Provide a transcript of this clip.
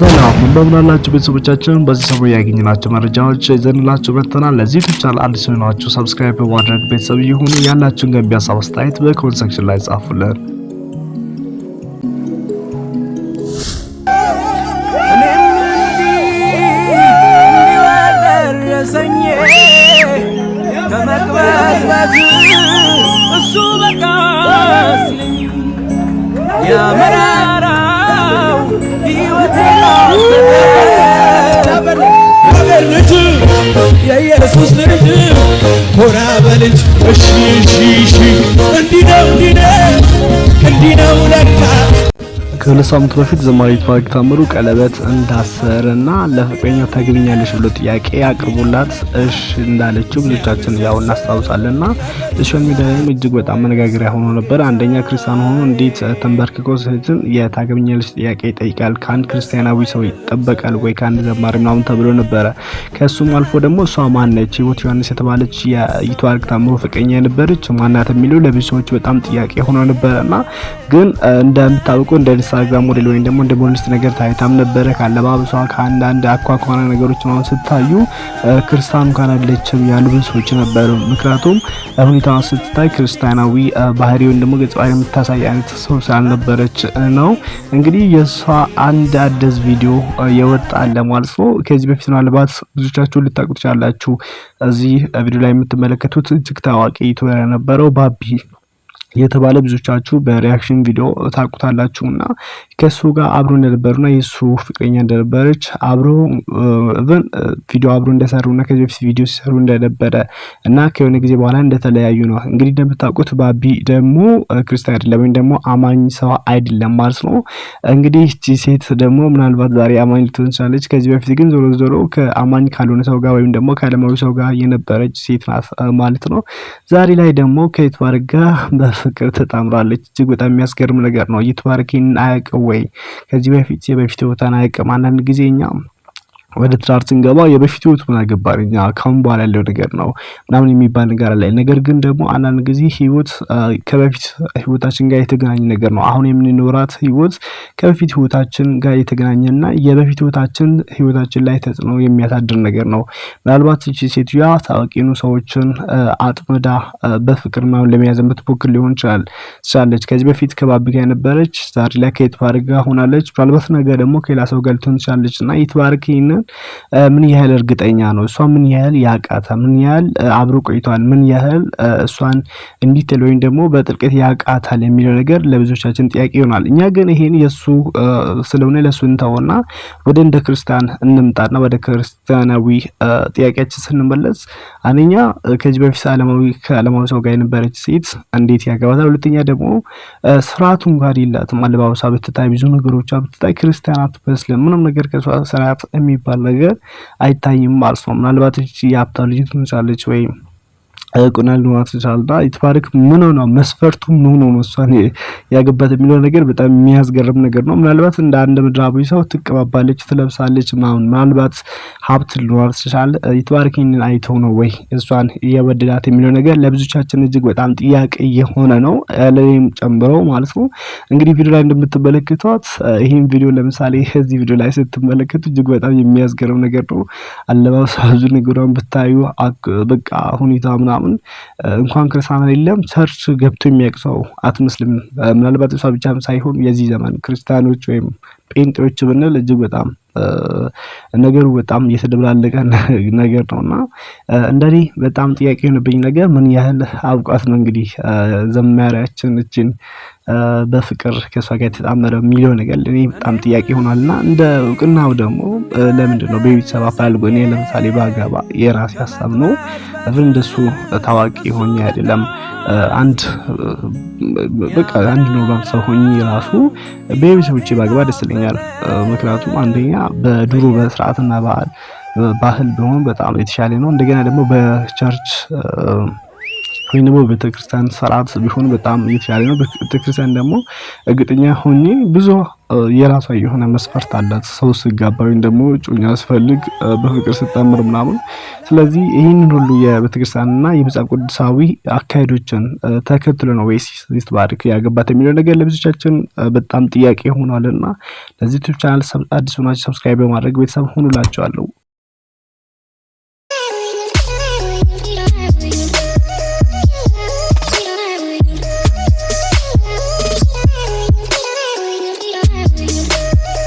ሰላም እንደምናላችሁ ቤተሰቦቻችን፣ በዚህ ሰሞን ያገኘናቸው መረጃዎች ይዘንላችሁ መጥተናል። ለዚህ ቻናል አዲስ የሆናችሁ ሰብስክራይብ በማድረግ ቤተሰብ ይሁኑ። ያላችሁን ገንቢ ሀሳብ አስተያየት በኮሜንት ሴክሽን ላይ ጻፉልን። እሱ በቃ ልጅ የኢየሱስ ልጅ ኮራ በልጅ እሺ እሺ እሺ ከሁለት ሳምንት በፊት ዘማሪት ዋግ ታምሩ ቀለበት እንዳሰረና ለፍቅረኛ ታገቢኛለሽ ብሎ ጥያቄ አቅርቦላት እሽ እንዳለችው ብዙቻችን ያው እናስታውሳለንና ሶሻል ሚዲያ ላይም እጅግ በጣም መነጋገሪያ ሆኖ ነበር። አንደኛ ክርስቲያን ሆኖ እንዴት ተንበርክኮ ሴትን የታገቢኛለሽ ጥያቄ ይጠይቃል? ከአንድ ክርስቲያናዊ ሰው ይጠበቃል ወይ ከአንድ ዘማሪ ምናምን ተብሎ ነበረ። ከእሱም አልፎ ደግሞ እሷ ማነች? ህይወት ዮሐንስ የተባለች የኢቱ ዋግ ታምሩ ፍቅረኛ የነበረች ማናት የሚለው ለብዙ ሰዎች በጣም ጥያቄ ሆኖ ነበረና ግን እንደምታውቁ እንደ ኢንስታግራም ሞዴል ወይም ደግሞ እንደ ሞዴሊስት ነገር ታይታም ነበረ። ካለባበሷ ከአንዳንድ አኳኳና ነገሮች አሁን ስታዩ ክርስቲያን እንኳን አይደለችም ያሉ ብዙ ሰዎች ነበሩ። ምክንያቱም ሁኔታዋን ስትታይ ክርስቲያናዊ ባህሪ ወይም ደግሞ ገጽ ባህሪ የምታሳይ አይነት ሰው ስላልነበረች ነው። እንግዲህ የእሷ አንድ አደስ ቪዲዮ የወጣ ማለት ነው። ከዚህ በፊት ምናልባት ብዙቻችሁ ልታውቁ ትችላላችሁ። እዚህ ቪዲዮ ላይ የምትመለከቱት እጅግ ታዋቂ ዩቱበር የነበረው ባቢ የተባለ ብዙቻችሁ በሪያክሽን ቪዲዮ ታውቁታላችሁ እና ከእሱ ጋር አብሮ እንደነበሩና የእሱ ፍቅረኛ እንደነበረች አብሮ ን ቪዲዮ አብሮ እንደሰሩ እና ከዚህ በፊት ቪዲዮ ሲሰሩ እንደነበረ እና ከሆነ ጊዜ በኋላ እንደተለያዩ ነው። እንግዲህ እንደምታውቁት ባቢ ደግሞ ክርስቲያን አይደለም ወይም ደግሞ አማኝ ሰው አይደለም ማለት ነው። እንግዲህ ይቺ ሴት ደግሞ ምናልባት ዛሬ አማኝ ልትሆን ትችላለች። ከዚህ በፊት ግን ዞሮ ዞሮ ከአማኝ ካልሆነ ሰው ጋር ወይም ደግሞ ከአለማዊ ሰው ጋር የነበረች ሴት ናት ማለት ነው። ዛሬ ላይ ደግሞ ከየት ባርጋ ፍቅር ተጣምራለች። እጅግ በጣም የሚያስገርም ነገር ነው። ይትባርኪን ይህንን አያውቅም ወይ? ከዚህ በፊት የበፊት ቦታን አያውቅም። አንዳንድ ጊዜ እኛ ወደ ትዳር ስንገባ የበፊት ህይወት ምን አገባን እኛ ካሁን በኋላ ያለው ነገር ነው ምናምን የሚባል ነገር አለ። ነገር ግን ደግሞ አንዳንድ ጊዜ ህይወት ከበፊት ህይወታችን ጋር የተገናኘ ነገር ነው። አሁን የምንኖራት ህይወት ከበፊት ህይወታችን ጋር የተገናኘ የተገናኘና የበፊት ህይወታችን ህይወታችን ላይ ተጽዕኖ የሚያሳድር ነገር ነው። ምናልባት እቺ ሴትዮዋ ታዋቂ ሰዎችን አጥምዳ በፍቅር ምናምን ለመያዝ የምትሞክር ሊሆን ይችላል ትችላለች። ከዚህ በፊት ከባቢ ጋር የነበረች ዛሬ ላይ ከየትባርክ ጋር ሆናለች። ምናልባት ነገ ደግሞ ከሌላ ሰው ገልቶን ትችላለች እና የትባርክ ይህንን ሳይሆን ምን ያህል እርግጠኛ ነው፣ እሷ ምን ያህል ያቃተ፣ ምን ያህል አብሮ ቆይቷል፣ ምን ያህል እሷን እንዲትል ወይም ደግሞ በጥልቀት ያቃታል የሚለው ነገር ለብዙዎቻችን ጥያቄ ይሆናል። እኛ ግን ይሄን የእሱ ስለሆነ ለእሱ እንተውና ወደ እንደ ክርስቲያን እንምጣና ወደ ክርስቲያናዊ ጥያቄያችን ስንመለስ አንደኛ ከዚህ በፊት ዓለማዊ ከዓለማዊ ሰው ጋር የነበረች ሴት እንዴት ያገባታል? ሁለተኛ ደግሞ ስርዓቱ እንኳን የላትም። አለባበሷ ብትታይ፣ ብዙ ነገሮቿ ብትታይ ክርስቲያናት በስለ ምንም ነገር ከስርዓት የሚባል የሚባል ነገር አይታይም ማለት ነው። ምናልባት ልጅ የሀብታ ልጅ ትሆናለች ወይም ያውቁናል ልማት ይችላልና ኢትባረክ ምን ሆነ መስፈርቱ ምን ሆነ እሷን ያገባት የሚለው ነገር በጣም የሚያስገርም ነገር ነው። ምናልባት እንደ አንድ ምድራዊ ሰው ትቀባባለች፣ ትለብሳለች ምናምን ምናልባት ሀብት ሊኖራት ይችላል። ኢትባረክ ይህንን አይተው ነው ወይ እሷን የወደዳት የሚለው ነገር ለብዙቻችን እጅግ በጣም ጥያቄ የሆነ ነው፣ ለእኔም ጨምሮ ማለት ነው። እንግዲህ ቪዲዮ ላይ እንደምትመለከቷት ይህን ቪዲዮ ለምሳሌ እዚህ ቪዲዮ ላይ ስትመለከቱ እጅግ በጣም የሚያስገርም ነገር ነው። አለባበሷ ብዙ ነገሯን ብታዩ በቃ ሁኔታ ምና ምናምን እንኳን ክርስቲያን አይደለም ቸርች ገብቶ የሚያውቅ ሰው አትመስልም። ምናልባት እሷ ብቻም ሳይሆን የዚህ ዘመን ክርስቲያኖች ወይም ጴንጤዎች ብንል እጅግ በጣም ነገሩ በጣም እየተደብላለቀ ነገር ነው እና እንደኔ በጣም ጥያቄ የሆነብኝ ነገር ምን ያህል አብቃት ነው እንግዲህ ዘማሪያችን እችን በፍቅር ከእሷ ጋር የተጣመረ የሚለው ነገር ለእኔ በጣም ጥያቄ ሆኗልና እንደ እውቅናው ደግሞ ለምንድን ነው በቤተሰብ አፈላልጎ እኔ ለምሳሌ ባገባ የራሴ ሀሳብ ነው። እንደሱ ታዋቂ ሆኜ አይደለም አንድ በቃ አንድ ኖርማል ሰው ሆኜ ራሱ በቤተሰቦቼ ባገባ ደስ ይለኛል። ምክንያቱም አንደኛ በድሮ በስርዓትና ባህል በሆኑ በጣም የተሻለ ነው። እንደገና ደግሞ በቸርች ወይም ደግሞ በቤተክርስቲያን ስርዓት ቢሆን በጣም የተሻለ ነው። ቤተክርስቲያን ደግሞ እርግጠኛ ሆኜ ብዙ የራሷ የሆነ መስፈርት አላት። ሰው ሲጋባ ወይም ደግሞ ጮኛ ሲፈልግ በፍቅር ስጠምር ምናምን። ስለዚህ ይህንን ሁሉ የቤተክርስቲያንና የመጽሐፍ ቅዱሳዊ አካሄዶችን ተከትሎ ነው ወይስ ሚስት ባሪክ ያገባት የሚለው ነገር ለብዙቻችን በጣም ጥያቄ ሆኗልና ለዚህ ዩቲዩብ ቻናል አዲስ ሆናችሁ ሰብስክራይብ በማድረግ ቤተሰብ ሆኑላቸዋለሁ።